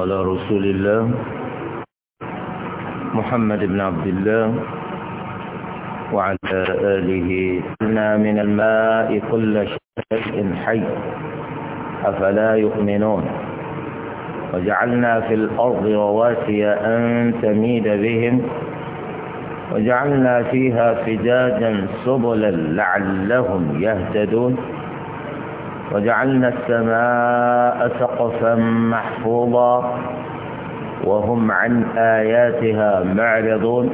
على رسول الله محمد بن عبد الله وعلى آله قلنا من الماء كل شيء حي أفلا يؤمنون وجعلنا في الأرض رواسي أن تميد بهم وجعلنا فيها فجاجا سبلا لعلهم يهتدون وجعلنا السماء سقفا محفوظا وهم عن آياتها معرضون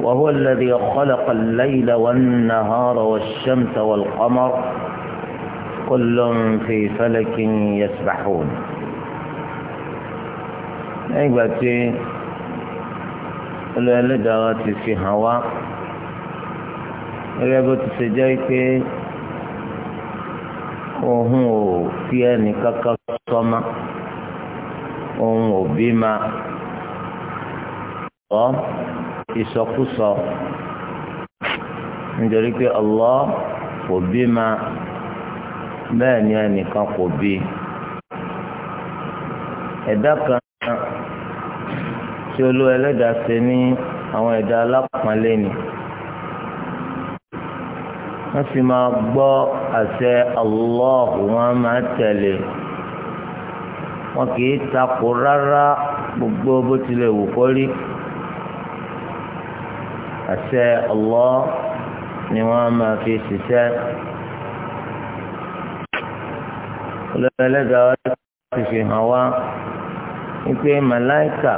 وهو الذي خلق الليل والنهار والشمس والقمر كل في فلك يسبحون نيباتي tí في هواء fi hàn wá òun ò fi ẹnì kankan sọmọ òun ò bí ma ọ ìsọkúsọ nítorí pé Allah kò bí ma bẹ́ẹ̀ ni ẹnìkan kò bí ẹ̀dá kan tí olú ẹlẹ́dàá ṣe ní àwọn ẹ̀dá alápọ̀nlé ni wọ́n sì máa gbọ́ àṣẹ Allah wọ́n máa tẹ̀lé wọn kì í takò rárá gbogbo bó tilẹ̀ wù kó rí àṣẹ Allah ni wọ́n máa fi ṣiṣẹ́. olùdarí ti fi hàn wá wípé màláìkà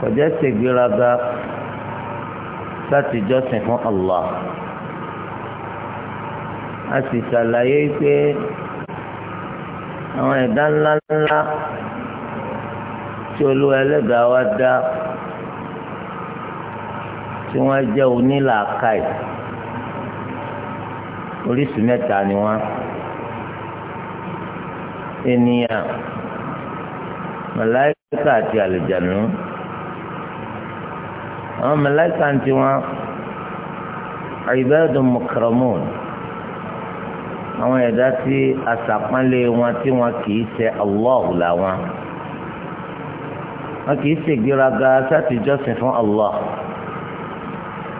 kò ṣègbéraga láti jọ́sìn fún Allah a sì ṣàlàyé pé àwọn ẹ̀dá ńláńlá tí olú ẹlẹ́gàá wa dá tí wọ́n jẹ́ onílàákàyè oríṣìí mẹ́ta ni wọ́n ènìyàn màláíkà àti àlùjànnú àwọn mẹlẹ́kà ti wọn ibadun mukramun àwọn ẹ̀dá tí asàpánlé wọn tí wọn kì í ṣe Allahu làwọn wọn kì í ṣègbéraga sátìjọ́sìn fún Allah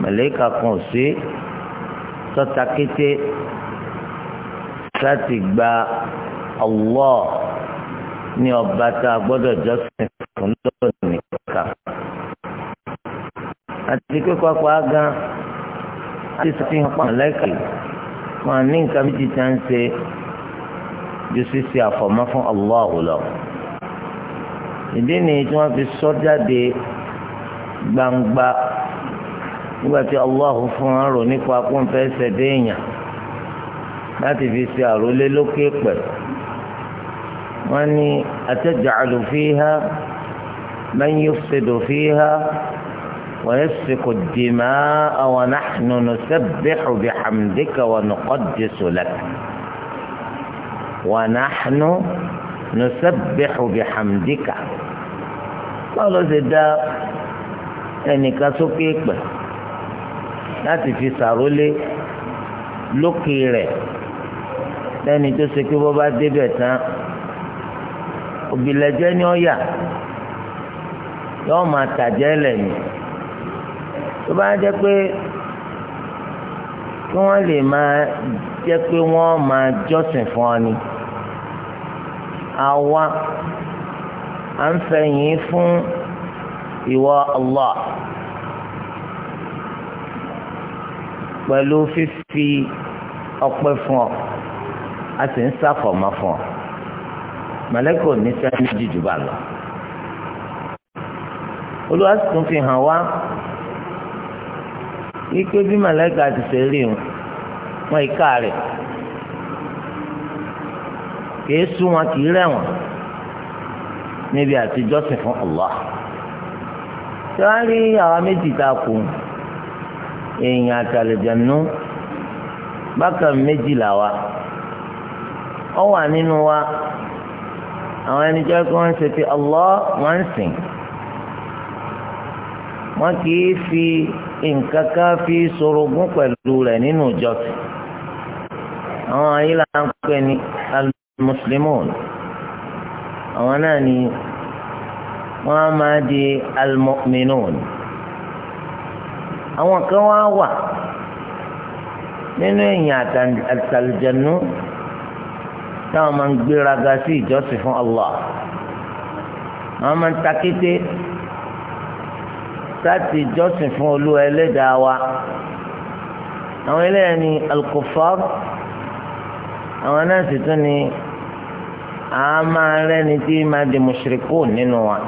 mẹlẹ́kà kan ò sí tọ́ta kété láti Allah ní ọba tá a gbọ́dọ̀ jọ́sìn pé pápá gan àti sàfihàn pa mọ̀lẹ́kì wọn ní nǹkan bí ti tán ṣe ju ṣíṣe àfọ̀mọ́ fún Allah lọ. ìdí nìyí tí wọ́n fi sọ jáde gbangba nígbà tí Allah fún wọn rò nípa kó ń fẹ́ ṣẹ̀dé èèyàn láti fi ṣe àrólé lókè pẹ̀. wọ́n ní ataj'alu fiha man yufsidu fiha. ويسفك الدماء ونحن نسبح بحمدك ونقدس لك ونحن نسبح بحمدك قالوا زدا ẹnìkan sókè pẹ láti fi sàrólé lókè rẹ lẹni tó ṣe pé bó bá tán òbílẹjẹ ni ó yà yọọ máa tàjẹ lẹ́yìn tó bá jẹ́ pé kí wọ́n lè máa jẹ́ pé wọ́n máa jọ́sìn fún ọ ni àwa à ń fẹ̀yìn fún ìwọ Allah pẹ̀lú fífi ọpẹ́ fún ọ a sì ń ṣàfọ̀mọ́ fún ọ mọ̀lẹ́kọ̀ ní sẹ́ni jìjù bá lọ olùwàsí fi hàn wá. Ikwe bí màláìka ti ṣe rí wọn wọn ìka rẹ̀ kìí sú wọn kìí wọn Allah tí wọ́n rí àwa méjì tá a kù èèyàn àtàlẹ̀jẹ̀nú bákan méjì wa àwọn ẹni jẹ́ kí wọ́n fi Allah wọ́n sìn wọ́n fi. nǹkan kan fi sorogún pẹ̀lú rẹ̀ nínú ìjọsìn àwọn ayé là ń pè ní al-muslimun àwọn náà ni wọ́n á máa di al àwọn kan wá wà nínú èèyàn àtàlùjẹ̀nu táwọn máa ń gbéraga sí ìjọsìn fún Allah àwọn máa ń takété láti jọ́sìn fún olúwa ẹlẹ́dàá wa àwọn eléyà ni al-kuffar àwọn náà sì tún ni àmà rẹni tí máa di mushrikun nínú wa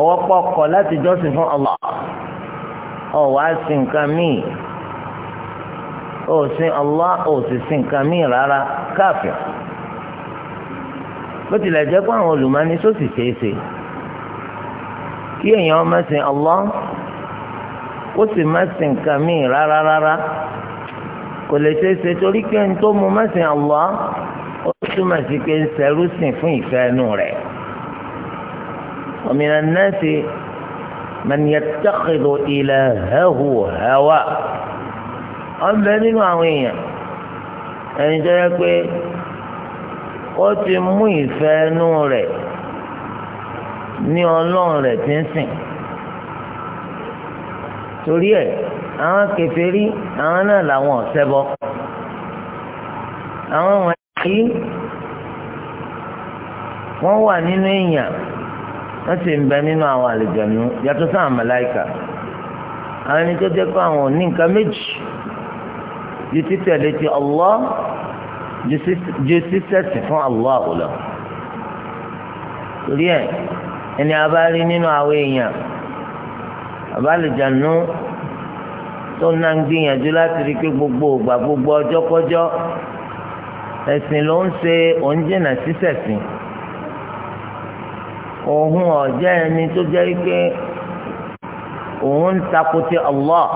ọwọ́ pọ̀ kọ̀ láti jọ́sìn fún Allah ọ̀ wá sí nǹkan míì ó sin Allah ó nǹkan míì rárá káfíà bó tilẹ̀ jẹ́ pé àwọn olùmọ́ni sósì ṣeéṣe. So kí èèyàn ọmọ sìn ọlọ ó sì má sìn nǹkan míì rárá rárá kò lè ṣe é ṣe torí pé ẹni tó mu má sìn ọlọ ó túmọ̀ sí pé ń ṣẹrú sìn fún ìfẹ́ ẹnu rẹ̀ ومن الناس من ilẹ̀ hẹ́hù hẹ́wà ọbẹ̀ nínú àwọn èèyàn ẹni tó yẹ pé ó ti mú ìfẹ́ ẹnu rẹ̀. ní ọlọ́run rẹ̀ ti ń sìn torí ẹ̀ àwọn kèfèrí àwọn náà làwọn ọ̀sẹ́bọ àwọn wọ̀nyí wọ́n wà nínú èèyàn wọ́n sì ń bẹ nínú àwọn àlùjànnú yàtọ̀ sáwọn màláíkà àwọn ẹni tó jẹ́ pé àwọn ò nǹkan méjì ju títẹ̀lé ti Allah ju sísẹ̀sì fún Allah lọ torí ẹ̀. ẹni abali n'inu rí nínú àwọn èèyàn àbálùjánu tó na ń gbìyànjú láti rí pé gbogbo ògbà gbogbo ọjọ́kọ́jọ́ ẹ̀sìn ló ń ṣe òun jìnnà sísẹ̀sìn òun ọ̀jẹ́ ẹni tó jẹ́ pé òun ń Allah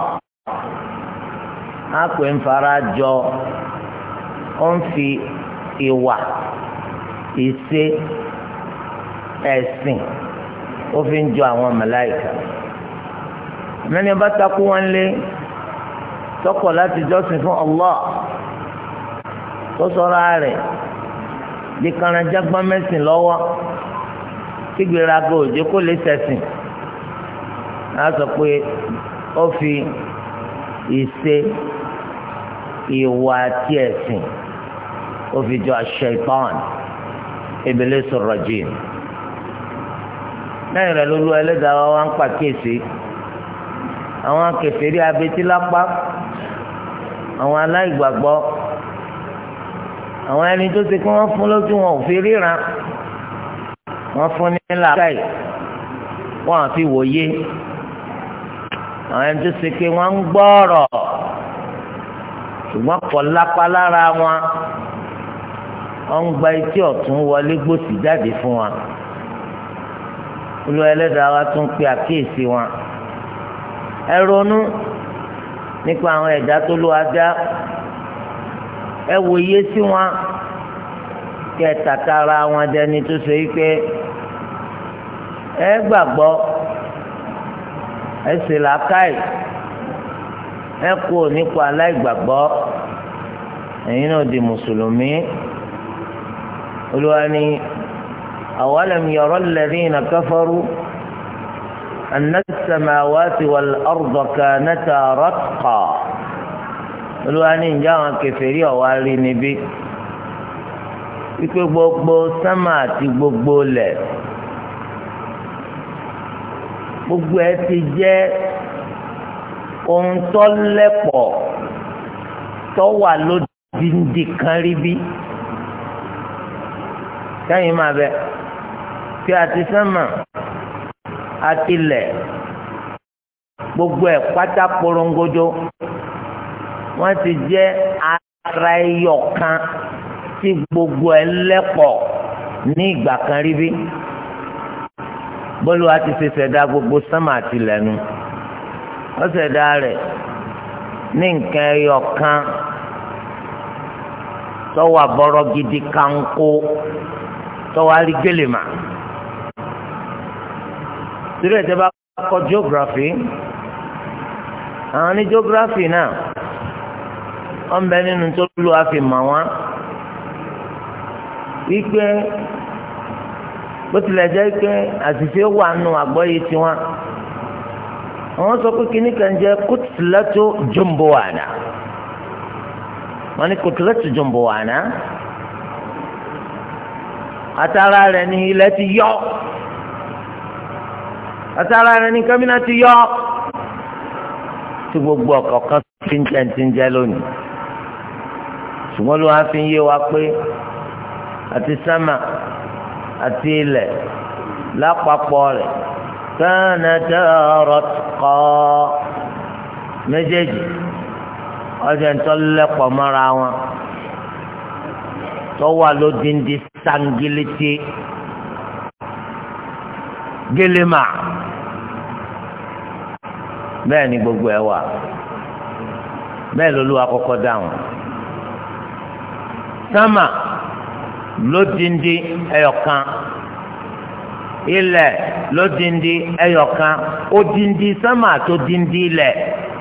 á pè ń fara jọ ó ń fi ìwà ìṣe ẹ̀sìn. ó fi ń jọ àwọn màláìka mẹni bá takú wọn lé tọkọ láti jọ́sìn fún Allah tó sọra rẹ̀ bí kànájà gbọ́n mẹ́sìn lọ́wọ́ tí gbéraga òjò kó lè sẹ̀sìn á sọ pé ó fi ìṣe ìwà àti ẹ̀sìn ó fi jọ àṣẹ ìpáwọn Iblisu rajim lẹ́yìn rẹ̀ lólu ẹlẹ́dàá wa wá ń pàkíyèsí àwọn akẹfẹ́rí abetílápá àwọn aláìgbàgbọ́ àwọn ẹni tó ti kí wọ́n fún lójú wọn ò fi ríran wọ́n fún ní làákàyè wọ́n àfi wòye àwọn ẹni tó ti kí wọ́n ń gbọ́ọ̀rọ̀ ṣùgbọ́n kò lápá lára wọn wọ́n ń gba etí ọ̀tún wọlé gbòsì jáde fún wa olú ẹlẹ́dàá wa tún pe àkíyèsí wọn ẹ ronú nípa àwọn ẹ̀dá tó ló adá ẹ wòye sí wọn kẹ tàkàrà wọn dẹni tó ṣe yí pé ẹ gbàgbọ́ ẹ sì làákàyè ẹ kú nípa aláìgbàgbọ́ ẹ̀yin náà di mùsùlùmí olúwa ni. أولم يرى الذين كفروا أن السماوات والأرض كانتا رتقا olùwàní ìjà àwọn kẹfẹ́rí ọ̀wá rí níbí wípé gbogbo sámà àti gbogbo lẹ̀ gbogbo ẹ ti jẹ́ ohun tó lẹ́pọ̀ tó wà lódìndín kan rí bí sẹ́yìn máa bẹ́ẹ̀ pé àti sánmà àti ilẹ̀ gbogbo ẹ̀ pátá porongodo wọ́n ti jẹ́ ara ẹyọ kan tí gbogbo ẹ̀ lẹ́pọ̀ ní ìgbà kan rí bí bọ́lú wa ti ṣe gbogbo sánmà àti ilẹ̀ nu wọ́n ṣẹ̀dá rẹ̀ ní nǹkan ẹyọ kan tọ́wọ́ àbọ̀rọ̀ gidi kan kó tọ́wọ́ àrígbélé mà torí ẹ̀jẹ̀ bá kọ́ geography àwọn ní geography náà wọ́n bẹ nínú tó lù àfi mọ̀ wọ́n wípé bó tilẹ̀ jẹ́ pé àṣìṣe wà nù àgbọ́yé tiwọn àwọn sọ pé kíní kan jẹ́ kùtìlẹ́tò jumbowana wọ́n ní kùtìlẹ́tò jumbowana àtàrà rẹ̀ ní ilẹ̀ ti yọ àtàrà rẹ̀ ní kẹ́mínà ti yọ tí gbogbo ọ̀kọ̀ọ̀kan fi ń jẹ́ ti ń jẹ́ lónìí ṣùgbọ́n ló wá fi ń yé wa pé àti sámà àti ilẹ̀ lápapọ̀ rẹ̀ kánàtà rọ̀tùkọ́ méjèèjì ọjà ń tọ́lẹ́pọ̀ mọ́ra wọn tó wà lódindi sangilété. gẹlẹ́mà bẹ́ẹ̀ ni gbogbo ẹ̀ wà bẹ́ẹ̀ lolúwa sama dáhùn sámà lódindi ẹyọkan ilẹ̀ lódindi ẹyọkan odindi sama tó dindi ilẹ̀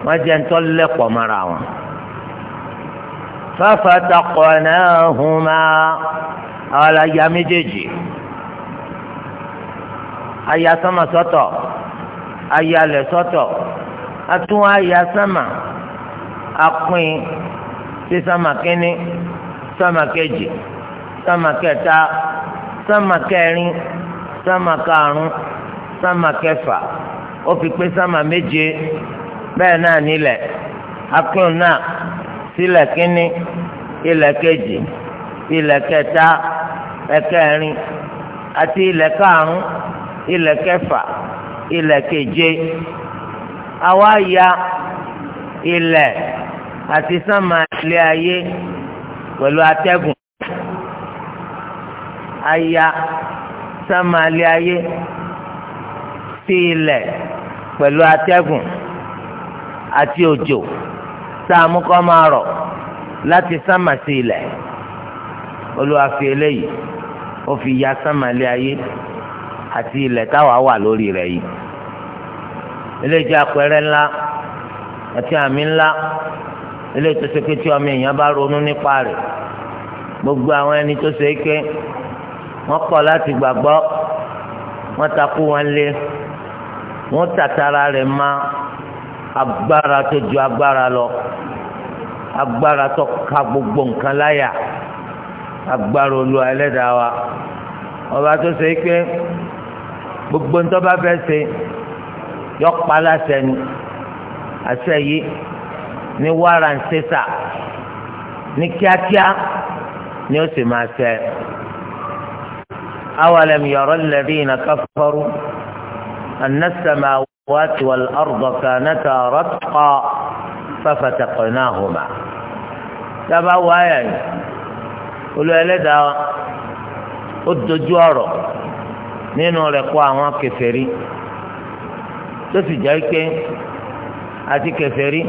wọ́n jẹ́ ntọ lẹ́pọ̀ mọ́ra wọn. fáfataqnāhumā àwọn aláya méjèèjì. aya sánmà sọ́tọ̀ aya lẹ̀ sọ́tọ̀ atún aya sánmà apin sí sánmà kínní sánmà kejì sánmà kẹta sánmà kẹrin sánmà karùn sánmà kẹfà ó fi pé sánmà méje bẹ́ẹ̀ náà nílẹ̀ apin náà sílẹ̀ kínní ilẹ̀ kejì ilẹ̀ kẹta ẹ̀kẹrin àti ilẹ̀ karùn ilẹ̀ kẹfà ilẹ̀ keje àwa ya ilẹ̀ àti sánmà ilé ayé pẹ̀lú atẹ́gùn aya sánmà ilé ayé sí ilẹ̀ pẹ̀lú atẹ́gùn àti òjò tá a mú kọ́ máa rọ̀ láti sánmà sí ilẹ̀ olúwa fi ó fi ya sánmà ilé ayé àti ilẹ̀ táwa wà lórí rẹ̀ yìí eléyìí jẹ́ àpẹẹrẹ ńlá àti àmì ńlá eléyìí tó ṣe pé tí ọmọ èèyàn bá ronú nípa rẹ̀ gbogbo àwọn ẹni tó ṣe é ké wọ́n kọ̀ láti gbàgbọ́ wọ́n takú wọn lé wọ́n tàtàrà rẹ̀ má agbára tó ju agbára lọ agbára tó ka gbogbo nǹkan láyà agbára olú ẹlẹ́dàá wa ọba tó ṣe é ké gbogbo ń tọ́ba fẹ́ ṣe yọ kpala sẹ́ni àṣẹ yìí ní wàrà ń ṣe sà ní kíákíá ni ó sì máa ṣe. أولم ير الذين كفروا أن السماوات والأرض كانتا رتقا ففتقناهما تبا وايا قلوا يا لدى ó dojú ọ̀rọ̀ nínú rẹ̀ kó àwọn kèfèrí tó sì jẹ́ pé àti kèfèrí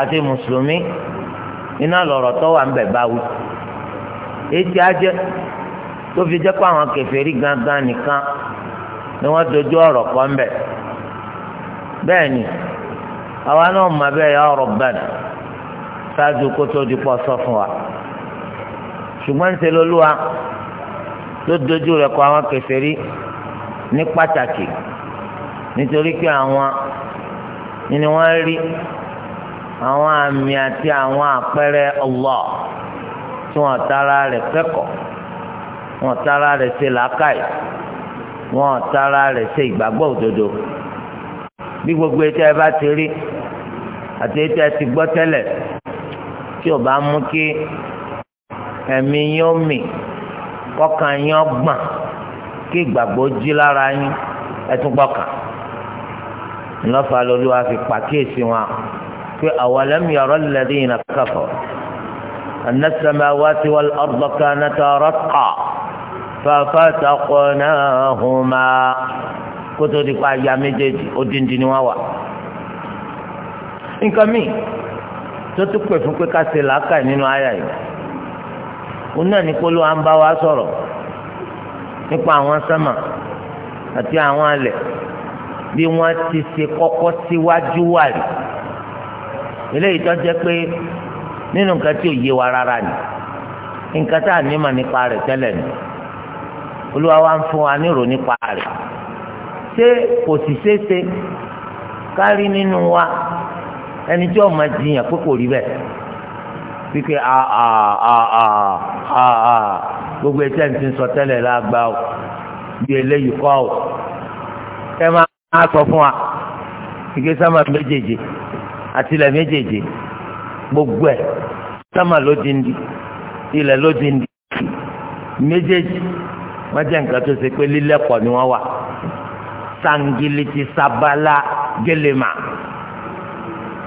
àti mùsùlùmí iná lọ̀rọ̀ tó wà ń bẹ̀ báwí ètí ajẹ́ tó fi jẹ́ pé àwọn kèfèrí gangan nìkan ni wọ́n dojú ọ̀rọ̀ kọ ń bẹ̀ bẹ́ẹ̀ ni àwa náà mọ̀ bẹ́ẹ̀ yà ọ̀rọ̀ bẹ́ẹ̀ ṣáájú kó tó sọ fún wa ṣùgbọ́n ń ṣe lóluwa ló dojú rẹ̀ kọ àwọn kèfèrí ní pàtàkì nítorí pé àwọn ni wọ́n rí àwọn àmì àti àwọn àpẹẹrẹ Allah tí wọ́n tara rẹ̀ kẹ́kọ̀ọ́ wọ́n tara rẹ̀ ṣe làákàyè wọ́n tara rẹ̀ ṣe ìgbàgbọ́ òdodo bí gbogbo etí ẹ bá ti rí àti etí ẹ ti gbọ́ tẹ́lẹ̀ tí ò bá mú kí ẹ̀mí yín mì kọkàn yín ọgbọ̀n kí ìgbàgbọ́ jí lára yín ẹtún gbọ́kàn ńlọ́fà lọ́lọ́wà fi pàkíyèsí wọn pé awalam yara alladhina kafaru anna as-samawati wal arda kanata ratqa fafataqnahuma kótó di pa ya méjèèjì ó ni wọ́n wà. nǹkan míì tó tún pè fún pé ká ṣe làákàyè nínú àyà yìí òun náà ní kóló à ń bá wa sọ̀rọ̀ nípa àwọn sámà àti àwọn alẹ̀ bí wọ́n ti ṣe kọ́kọ́ síwájú wà rí eléyìí tó jẹ́ pé nínú nǹkan tí ò yé wa rárá ni nǹkan tá a ní mà nípa rẹ̀ tẹ́lẹ̀ ni olúwa wa ń fún wa nírò nípa rẹ̀ ṣé kò sì ṣeéṣe kárí nínú wa ẹni tí ọmọ jiyàn pé kò rí bẹ́ẹ̀ wípé àà àà gbogbo ẹtẹ ń ti sọ tẹ́lẹ̀ lágbá o bí eléyìí kọ́ o ẹ máa sọ fún wa ike sáma méjèèjì àti ilẹ̀ méjèèjì gbogbo ẹ̀ sáma ló di ndí ilẹ̀ ló di ndí méjèèjì wọ́n jẹ́ nǹkan tó ṣe pé lílẹ̀kọ̀ ni wọ́n wà sangiliti sabala gelema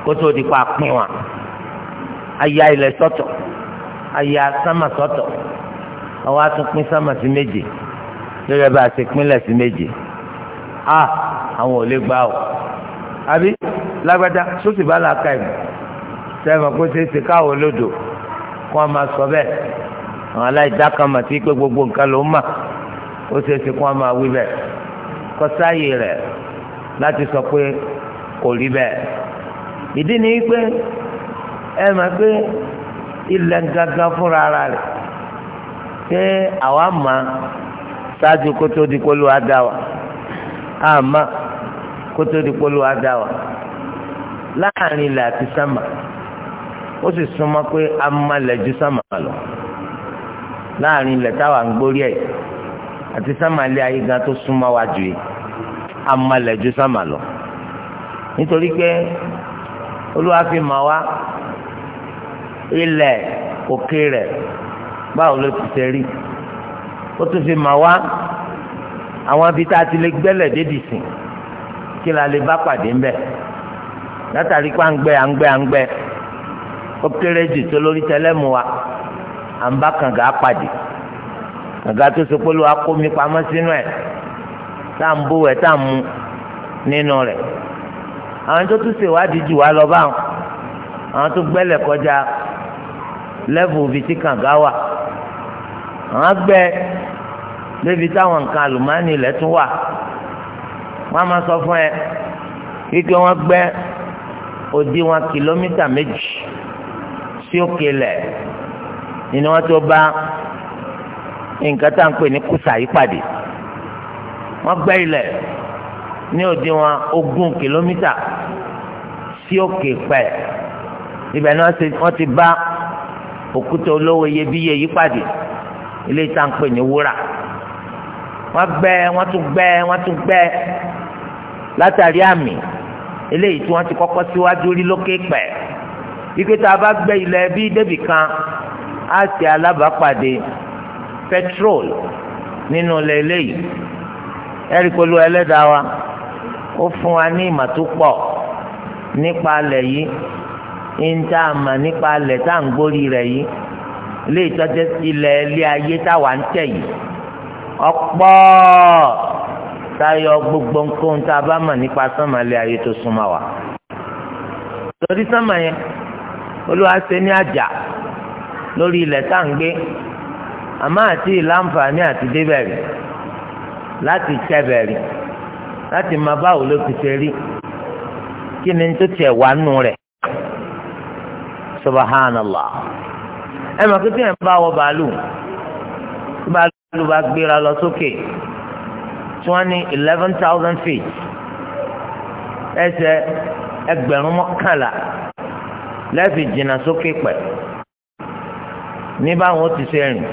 kótó di pa pín wa aya ilẹ̀ sọ́tọ̀ aya sáma sọ́tọ̀ àwọn atúnpín sámà sí méje lórí ẹbí àti sí méje a àwọn ò lè gbà o àbí lágbájá sósì bá làákà ìmọ̀ sẹ́fọ̀ kó ṣe é ṣe káwọ́ olódò kó wọn máa sọ bẹ́ẹ̀ àwọn aláìdákanmọ̀ tí pé gbogbo nǹkan ló ń mà ó ṣe é ṣe kó wọn máa wí bẹ́ẹ̀ kọ́ sáyè rẹ̀ láti sọ pé kò rí bẹ́ẹ̀ ìdí ni pé ẹ máa gbé ilẹ̀ gangan fúnra rẹ̀ ṣé àwa ma ṣáájú kótó di kólú adá wa àmà kótó di kólú adá láàrin ilẹ̀ àti sámà ó sì súnmọ́ pé a sámà lọ láàrin ilẹ̀ táwa ń gbórí ẹ̀ àti sámà ilé ayé gan tó súnmọ́ wa yìí a sámà lọ nítorí pé olúwa fi mà wá ilẹ̀ òkè rẹ̀ báwo ló ti ṣe rí ó tún fi mà wá àwọn ibi tá a ti lè gbẹ́lẹ̀ dédì sìn kí la lè bá pàdé ńbẹ̀ látàrí pé à ń gbẹ à ń gbẹ à ń gbẹ ó kéré jù tó lórí tẹlẹ́mu wa à ń bá kànga pàdé kànga tó so pé ló wá kó mi pamọ́ sínú ẹ̀ tá à ń bó ẹ̀ tá à ń mu nínú rẹ̀ àwọn tó tún ṣèwádìí jù wá lọ báwọn àwọn tó gbẹ́lẹ̀ kọjá lẹ́vù bíi tí kànga wà àwọn abẹ débi táwọn nǹkan àlùmánì ilẹ̀ tún wà wọ́n á máa sọ fún ẹ kíkẹ́ wọ́n gbẹ́ òdiwọ̀n kìlómítà méjì sí òkè lẹ̀ nínú wọn tó bá nǹkan tá à ń pè ní kùsà yìí wọ́n gbẹ́ ilẹ̀ ní òdiwọ̀n ogún kìlómítà sí òkè pẹ̀ ibẹ̀ ni wọ́n ti bá òkúta olówó iyebíye yìí pàdé ilé ìta ń pè ní wúrà wọ́n gbẹ́ wọ́n tún gbẹ́ wọ́n tún gbẹ́ látàrí àmì eléyìí tí wọ́n ti kọ́kọ́ síwájú rí lókè pẹ̀ ike tá a bá gbẹ́ ilẹ̀ bí débì kan á ṣe alábàápàdé petrol nínú ilẹ̀ eléyìí ẹ̀ríkolu ẹlẹ́dàá wa ó fún wa ní ìmọ̀ tó pọ̀ nípa alẹ̀ yìí ń tá a mọ̀ nípa alẹ̀ tá à ń gbórí rẹ̀ yìí ilé ìtọ́jú ilẹ̀ ilé ayé táwa ń tẹ̀ yìí ọ̀pọ̀ gbogbo nǹkan tá a bá mọ̀ nípa sánmà ilé ayé tó súnmọ́ wa torí sánmà yẹn olúwa ṣe ní àjà lórí ilẹ̀ tá à ń gbé àmọ́ àti ìlànfààní àti débẹ̀rì láti láti máa ló ṣe rí kí ni tó tiẹ̀ wà nù ẹ mọ̀ kíkẹ́ ń bá wọ bàálù tí bàálù bá gbéra lọ sókè tí eleven thousand feet ẹsẹ̀ ẹgbẹ̀rún mọ́kànlá lẹ́ẹ̀fì jìnnà sókè pẹ̀ ní báwọn ó ti ṣe rìn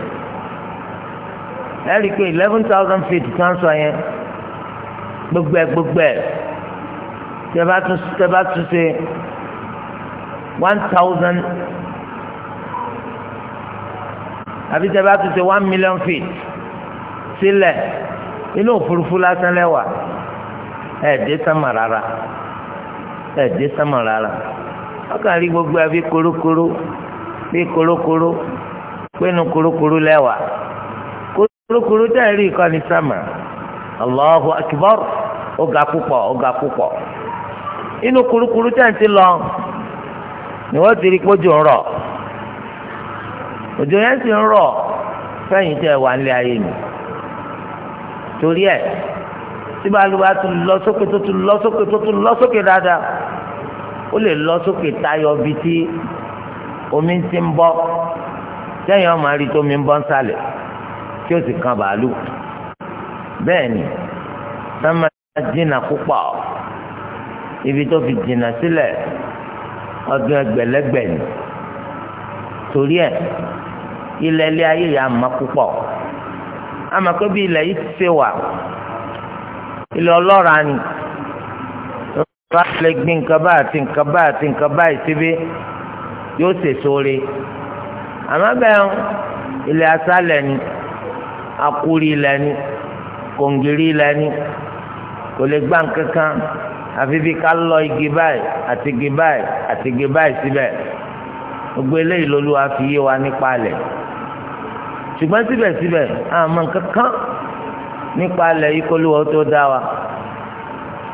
ẹ rí i pé eleven thousand feet tí wọ́n sọ yẹn gbogbo ẹ gbogbo ẹ tẹ bá tún ṣe one thousand. àbí tẹ́ bá tún ṣe one million feet sílẹ̀ inú òfurufú lásán lẹ́wà ẹ̀ dé sánmà rárá ẹ̀ dé sánmà rárá ọkàn rí gbogbo àbí korokoro bí korokoro pinnu korokoro lẹ́wà korokoro tẹ́ ẹ rí ìkànnì sánmà Allahu Akbar ó ga púpọ̀ ó ga púpọ̀ inú korokoro tẹ́ ẹ ti lọ ni wọ́n ti rí kójú rọ̀. òjò yẹn sì ń rọ̀ fẹ́yìn tẹ́ wà nílé ayé mi torí ẹ̀ tí bàálùbá tún lọ sókè tó tún lọ sókè tó tún lọ sókè dáadáa ó lè lọ sókè tayọ bíi tí omi ti ń bọ́ sẹ́yìn ọmọ àrí tó mi ń bọ́ ń sálẹ̀ kí ó sì kan bàálù bẹ́ẹ̀ ni sẹ́mà dínà púpọ̀ ibi tó fi dínà sílẹ̀ ọdún ẹgbẹ̀lẹ́gbẹ̀ ni torí ẹ̀ ilẹ̀ ilé ayé yà mọ́ púpọ̀ àmọ́ pé bí ilẹ̀ yìí ṣe wà ilẹ̀ ọlọ́ra ni bá lè gbin nǹkan báyìí àti nǹkan báyìí àti nǹkan báyìí síbí yóò ṣèṣò re àmọ́ bẹ́ẹ̀ ilẹ̀ aṣálẹ̀ ni akuri ilẹ̀ ni kòǹgìrì ilẹ̀ ni kò lè gbá nǹkan kan àfi bí ká lọ igi báyìí àti igi báyìí àti igi báyìí síbẹ̀ gbogbo eléyìí lolúwa fi yé wa nípa alẹ̀ ṣùgbọ́n síbẹ̀síbẹ̀ àmọ́ kankan nípa alẹ́ yìí kó lówó tó dá wa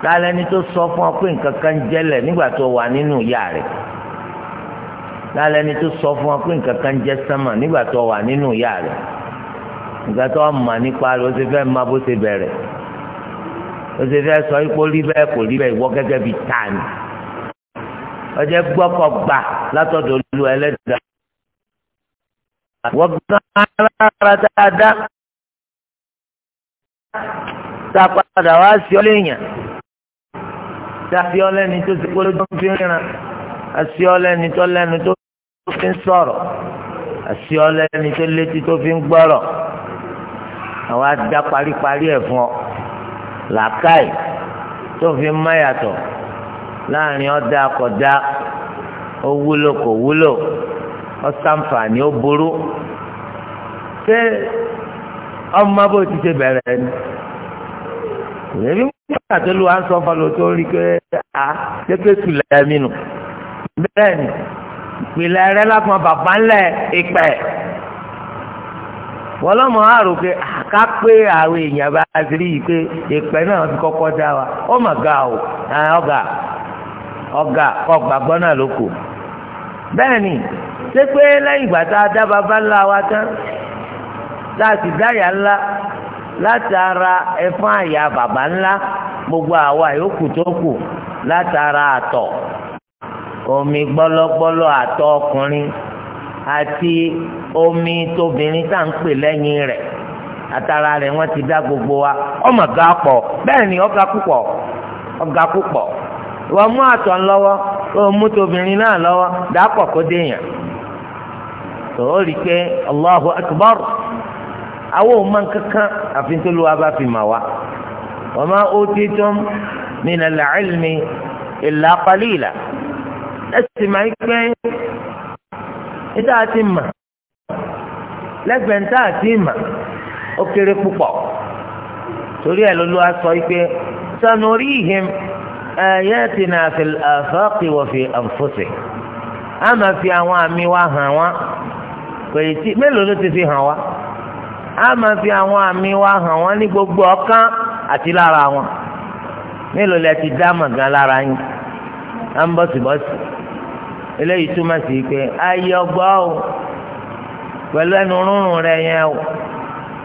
lálẹ́ ni tó sọ fún ọ pé nǹkan kan ń jẹ́lẹ̀ nígbà tó wà nínú ìyá rẹ̀ lálẹ́ ni tó sọ fún ọ pé nǹkan kan ń jẹ́ sánmà nígbà tó wà nínú ìyá rẹ̀ nígbà tó mà nípa rẹ̀ ó ti fẹ́ máa bó ṣe bẹ̀rẹ̀ ó ti fẹ́ sọ ipò rí bẹ́ẹ̀ kò rí bẹ́ẹ̀ ìwọ gẹ́gẹ́ bíi tani ọjọ́ gbọ́kọ̀ gbà látọ̀dọ̀ lu ẹlẹ́dàá wọ́gbọ́n alára tá a dá tá a padà wá sí ọ léèyàn tá a fi ọ lẹ́ni tó ti polówó tó ń fi ríran a sí ọ lẹ́ni tó lẹ́nu tó fi ń sọ̀rọ̀ a sí ọ lẹ́ni tó létí tó fi ń gbọ́rọ̀ àwọn adá paríparí ẹ̀ fún ọ làákàyè tó fi ń máyàtọ̀ láàrin ọ̀dà kọ̀dá ó wúlò kò wúlò. ọ̀sánfààní ó burú ṣé ọmọ bó ti ṣe bẹ̀rẹ̀ ni nígbà tó lu fọlọ tó rí pé a nù bẹ́ẹ̀ ni ìpìlẹ̀ rẹ lápọn bàbá ńlẹ̀ ìpẹ́ wọ́n lọ́mọ àrò pé àká pé àwọn èèyàn bá yìí pé ṣé pé lẹ́yìn ìgbà tá a dá bàbá ńlá wa tán láti dáyà ńlá látara ẹ̀fọn àyà bàbá ńlá gbogbo àwa yòókù tó kù látara àtọ̀ omi gbọlọgbọlọ àtọ ọkùnrin àti omi tóbìnrin tá à pè lẹ́yìn rẹ̀ àtàrà rẹ̀ wọ́n ti dá gbogbo wa ọmọ ga pọ̀ bẹ́ẹ̀ ni ọ̀gá púpọ̀ ọ̀gá púpọ̀ ìwọ mú àtọ̀ ńlọ́wọ́ ó mú tóbìnrin náà lọ́wọ́ dàápọ̀ kó déyàn. tọ́wọ́ rí pé Allahu Akbar àwọn ò mọ kankan àfi tó lu abá fi mà wá wa ma utitum minal ilmi illa qalila ẹsì máa ń pẹ́ níta àti mà lẹ́gbẹ̀ẹ́ níta àti mà ó kéré púpọ̀ torí ẹ̀ lọ́lọ́ a sọ pé sanurihim ayatina fil afaqi wa fi anfusihim a máa fi àwọn àmì wa hàn wọ́n pé tí mélòó ló ti fi hàn wá a máa fi àwọn àmì wa hàn wọ́n ní gbogbo ọkàn àti lára wọn mélòó lẹ ti dá màgán lára yín à ń bọ̀sibọ̀sì eléyìí túmọ̀ sí pé ayé ọgbà o pẹ̀lú ẹnu rúnrún rẹ yẹn o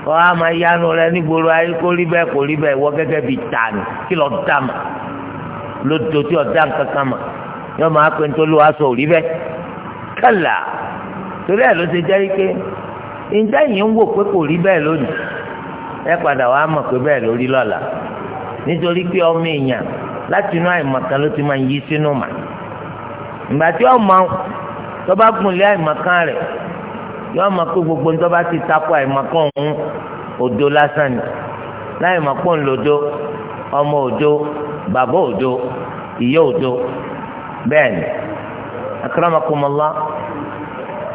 ọ a máa yánu rẹ nígboro ayé kó rí bẹ́ẹ̀ kó rí bẹ́ẹ̀ wọ́ gẹ́gẹ́ bíi tààní kí lọ́ọ́ dá mà lódò tí ọ̀dá nǹkan kan mà yọ máa pè ń sọ òrí bẹ́ẹ̀ kálá. torí ẹ̀ ló ṣe jẹ́ pé ǹjẹ́ yìí ń wò pé kò rí bẹ́ẹ̀ lónìí ẹ padà wàá mọ̀ pé bẹ́ẹ̀ ló rí lọ́la nítorí pé ọmọ èèyàn láti inú àìmọ̀kan ló ti máa ń yí sínú mà ìgbà tí ọmọ tó bá gùnlé àìmọ̀kan rẹ̀ ọmọ pé gbogbo ń tó bá ti àìmọ̀kan òun òdo lásán ni láìmọ̀pọ̀ ńlòdo ọmọ òdo bàbá òdo ìyá òdo bẹ́ẹ̀ ni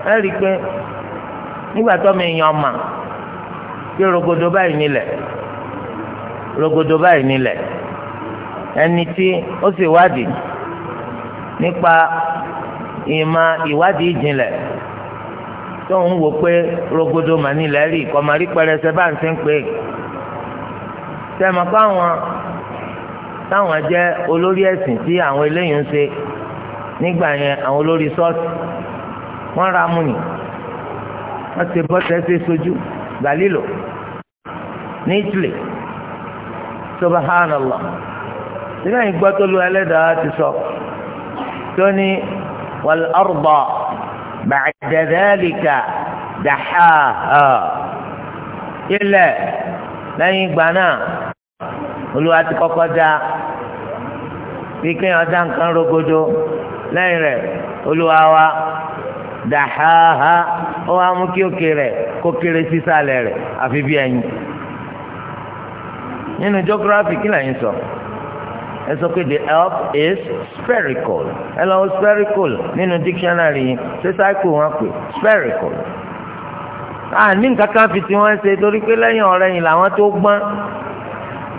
ẹ rí i pé nígbà tó mi yan ọmọ rogodo báyìí nílẹ̀ rogodo báyìí nílẹ̀ ẹni tí ó sì wádìí nípa ìmọ̀ ìwádìí ìjìnlẹ̀ tó ń wò pé rogodo mà nílẹ̀ rí kọ̀mọ̀rí pẹrẹsẹ bá ń sẹ́ ń pè é sẹ́mi káwọn táwọn jẹ́ olórí ẹ̀sìn tí àwọn eléyìí ń ṣe nígbà wọ́n ra amúnì wọ́n ti bọ́ tẹ́sẹ̀ sojú galilo ní Italy subhanallah sílẹ̀ yìí gbọ́ tó lu ẹlẹ́dàá ti sọ tó ní wal arda ba'da dhalika dàhàhà ilẹ̀ lẹ́yìn ìgbà náà olúwa ti kọ́kọ́ dá bí kéèyàn dá nǹkan rogodo lẹ́yìn rẹ̀ olúwa wa dàháhá ó wá mú kí òkè rẹ̀ kó kéré sísàlẹ̀ rẹ̀ àfi bí ẹyin nínú geography kí lẹ́yìn sọ ẹ sọ pé the earth is spherical ẹ lọ wọ spherical nínú dictionary yìí ṣé cycle wọn pè spherical àní nǹkan kan fi tiwọn ṣe torí pé lẹ́yìn ọ̀rẹ́ yìí làwọn tó gbọ́n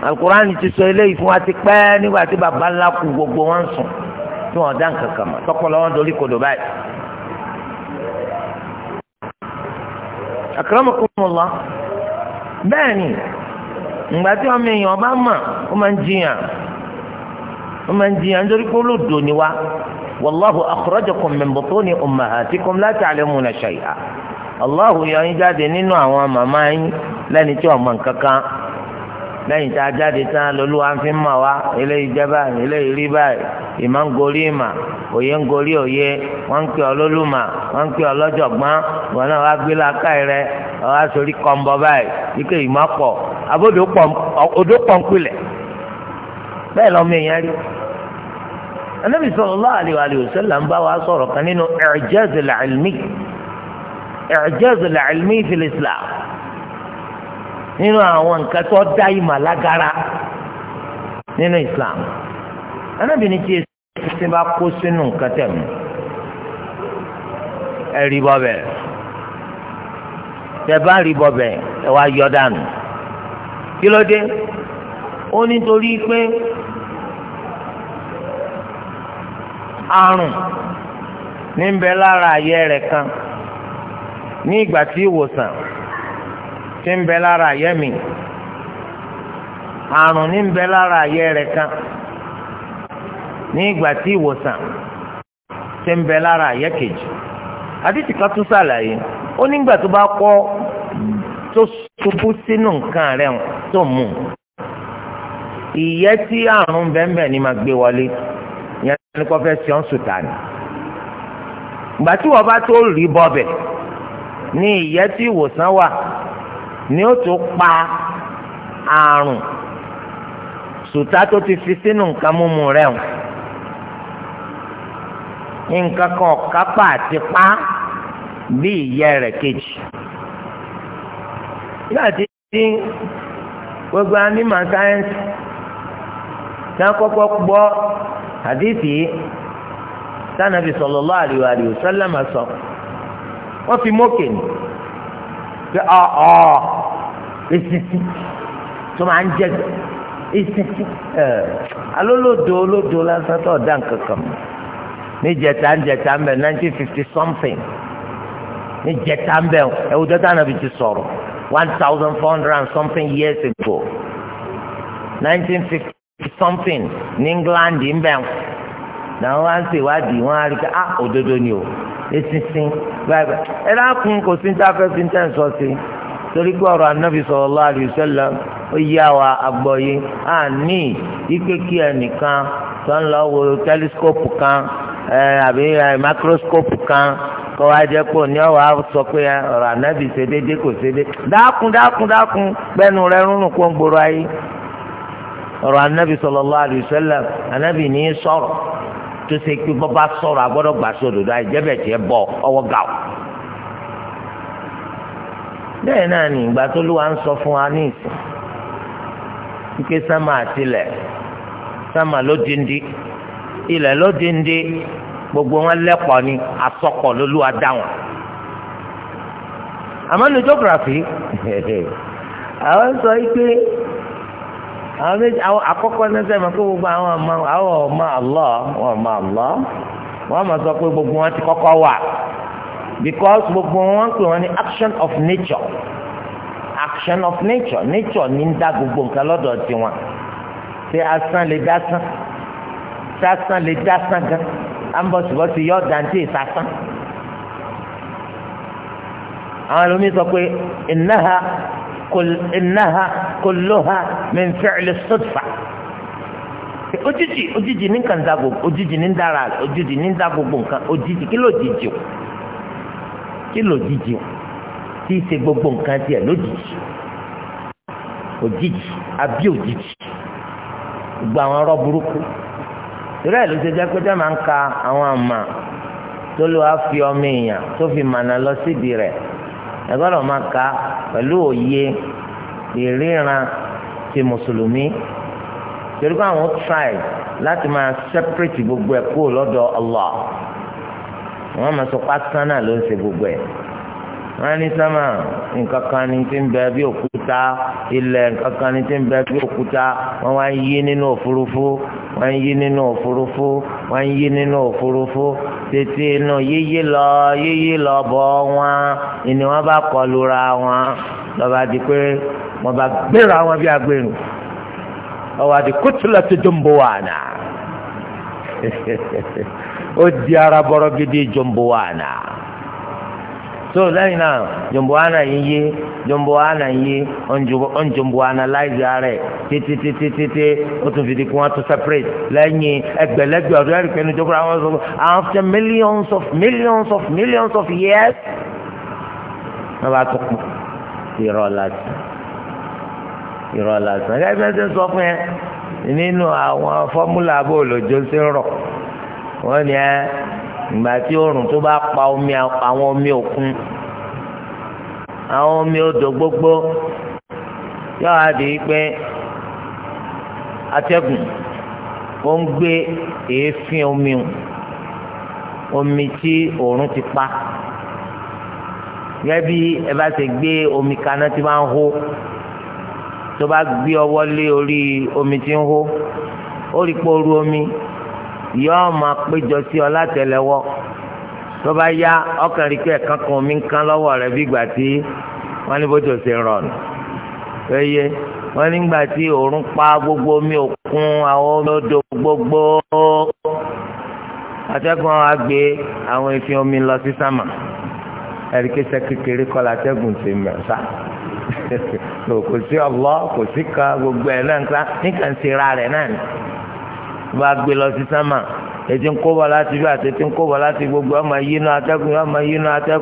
alukurani ti sọ eléyìí fún wa ti pẹ́ nígbà tí baba ńlá kú gbogbo wọn sùn tí wọn dá nǹkan kan mọ̀ tọpọlọ wọn dorí kodò báyìí. akramakumullah bẹ́ẹ̀ ni ìgbà tí ọmọ èèyàn bá mọ̀ ó máa ń jiyàn ó máa ń jiyàn nítorí pé olódò ni wá wallahu akhrajakum min butuni ummahatikum la ta'lamuna shay'a Allahu yọ yín jáde nínú àwọn màmá yín lẹ́ni tí ọmọ nǹkan lẹ́yìn tá a jáde tán lolúwa ń fi mọ̀ wá eléyìí jẹ́ báyìí eléyìí rí báyìí ìmọ̀ ń gorí ìmọ̀ òye ń gorí òye wọ́n ń pè ọ́ lólùmọ̀ wọ́n ń pè ọ́ lọ́jọ̀gbọ́n wọn náà wá gbé làákàyè rẹ wá sórí kọ́ńbọ́ báyìí ike ìmọ̀ pọ̀ abódò pọ̀ ń pilẹ̀ bẹ́ẹ̀ lọ́mọ èèyàn rí anabi sallallahu alayhi wa alihi wa ń bá wa sọ̀rọ̀ kan nínú i'jaz nínú àwọn nǹkan tó dá ìmà lágara nínú Islam anábìíní tí èsì bá kó sínú nǹkan tẹ̀ mú ẹ rí bọ́ bẹ́ẹ̀ tẹ bá rí bọ́ bẹ́ẹ̀ ẹ wá yọ dànù kí ló dé ó nítorí pé àrùn níbẹ̀ lára ayé rẹ̀ kan ní ìgbà tí ìwòsàn. tí ń bẹ lára àyẹ́ mi àrùn ní ń bẹ lára kan ní ìgbà tí ìwòsàn tí ń bẹ lára àyẹ́ kejì kan tún ṣàlàyé ó nígbà tó bá kọ́ tó ṣubú sínú nǹkan rẹ̀ tó mú ìyẹ́ tí àrùn bẹ́ẹ̀ ni máa gbé wọlé ìyẹn ní kò fẹ́ ṣe ọ́n sùtà ni ìgbà tí wọ́n bá tó rí ní ìyẹ́ tí ìwòsàn wà ni ó tún pa àrùn sùtá tó ti fi sínú nǹkan mímu rẹ̀ o nǹkan kan kápá àti pa bí ìyẹ́ rẹ̀ kejì láti ní gbogbo anímọ̀ sáyẹ́nsì náà kọ́kọ́ gbọ́ hadithi sanabi sallallahu alaihi wa sallam sọ wọ́n fi mókè ní pé ọ̀ọ́ esisi tó máa ń jẹgbẹ esisi ẹ alólòdò olódò lásán tó ọ̀dà nkankan ní jẹta ń bẹ nineteen fifty something ní jẹta ń bẹ ẹwù dọ́tà náà fi ti sọ̀rọ̀ one thousand four hundred and something years ago nineteen fifty something ní England ń bẹ làwọn wá ń ṣèwádìí wọn á rí ká ah, òdodo ni o esinsin gbàgbà ẹ dákun kò sí ní tá a fẹ́ fi ń tẹ̀ ń sọ sí i torí pé ọ̀rọ̀ anábì sallallahu alaihi wasallam ó yá wa àgbọ́yé à ní ìkékí ẹnìkan tó ń lọ wo tẹlifíṣkópù kan àbí mákróskópù kan kọ́ wa jẹ́ pé òní ọ̀wá sọ pé ọ̀rọ̀ anábì ṣe déédé kò ṣe déédé dákun dákun dákun gbẹ́nu rẹ rúnrún kó ń gbòòrò ayé ọ̀rọ̀ anábì sallallahu alaihi wasallam anábì ní sọ̀rọ̀ tó ṣe pé bọ́ bá sọ̀rọ̀ agbọ́dọ̀ gbà sódòdó àìjẹ́bẹ̀jẹ́ bọ̀ ọwọ́ gàù. bẹ́ẹ̀ náà ni ìgbà tó lúwa ń sọ fún wa ní ìsìn ló dindi ilẹ̀ ló gbogbo wọn lẹ́pọ̀ ni asọ́kọ̀ lólúwa dá wọn. àmọ́ geography àwọn sọ wípé àwọn méjì àwọn pé gbogbo àwọn ọmọ àwọn ọmọ wọn ọmọ wọn mọ̀ sọ pé gbogbo wọn ti kọ́kọ́ wà. because gbogbo wọn pè wọn action of nature action of nature nature ní ń dá gbogbo nǹkan lọ́dọ̀ tiwọn ṣé asán lè dá sán ṣé lè dá sán gan yọ dantí ìsásán àwọn ẹlòmíín sọ pé ìnáha kòlóha mẹ́fẹ́ẹ́lì sọ́tfà ojiji òjijì ní kàn dá gbogbo òjijì ojiji gbogbo nǹkan ojiji kí ló o. sí lòjijì tí í ṣe gbogbo nǹkan tiẹ̀ lójijì òjijì àbí òjijì gbogbo àwọn ọ̀rọ̀ burúkú ìrẹ́ ìlú ṣe jẹ́ pé tẹ́ máa ń ka àwọn àmà tó ló wá fi ọmọ èèyàn tó fi mànà lọ síbi rẹ̀ ẹ gbọ́dọ̀ máa ka pẹ̀lú òye ìríran ti mùsùlùmí torí pé àwọn tribe láti máa separate gbogbo ẹ̀ kúrò lọ́dọ̀ Allah. wọn máa sọ pátá náà ló ń ṣe gbogbo ní nǹkan kan ní ti ń bẹ bí òkúta ilẹ̀ nǹkan kan ní ti ń bẹ bí òkúta wọn wá ń yí nínú òfurufú ń yí nínú òfurufú ń yí nínú òfurufú tètè inú yíyí lọ yíyí lọ bọ̀ wọn ìní wọn bá kọlu wọn lọba di pé wọ́n bá gbéra wọn bí àti dùn wà ó di ara bọ́rọ́ gidi jọ̀ǹbùwànà so lẹ́yìn náà jọ̀ǹbùwànà yìí yé jọ̀ǹbùwànà yìí ọ̀njọ̀ǹbùwànà láìsí ara ẹ̀ títítítítí ó tún fi di kí wọ́n tún separate lẹ́yìn ẹgbẹ̀lẹ́gbẹ̀ ọ̀dọ́ ẹ̀rí pẹ̀lú ìjọba àwọn sọ after millions of millions of millions of years wọ́n bá tún kù irọ́ lásán irọ́ lásán ẹgbẹ́ sẹ́ńsọ fún yẹn nínú àwọn fọ́múlà bóòlù jọ́sẹ̀ rọ̀ wọ́n ní ẹ ìgbà tí oòrùn tó bá pa omi àwọn omi òkun àwọn omi odò gbogbo yóò á di pé atẹ́gùn ó ń gbé èéfín omi omi tí oòrùn ti pa gẹ́gẹ́ bí ẹ bá ṣe gbé omi kaná tí máa ń hó tó bá gbé ọwọ́ lé orí omi tí ń hó ó rí pé omi yọọ máa péjọ sí ọ látẹ́lẹwọ́ tó bá yá ọkàn rí pé ẹ̀kan kan omi ń kán lọ́wọ́ rẹ bí ìgbà tí wọ́n ní bójú ṣe rọ̀nù péye wọ́n nígbà tí òórùn pa gbogbo omi òkun àwọn omi odò gbogbo atẹ́gùn á gbé àwọn ìfin omi lọ sí sámà ẹ̀ríkẹ́sẹ̀ kékeré kọ́ la atẹ́gùn ṣe mẹ́ta kò sí ọlọ́ kò sí kan gbogbo ẹ̀ náà nǹkan nǹkan ṣe ra rẹ̀ náà ni bá gbé lọ sí sámà ètí ń kó bọ̀ láti bí àti ètí ń kó bọ̀ láti gbogbo ọmọ yínú atẹ́gùn ọmọ yínú atẹ́gùn.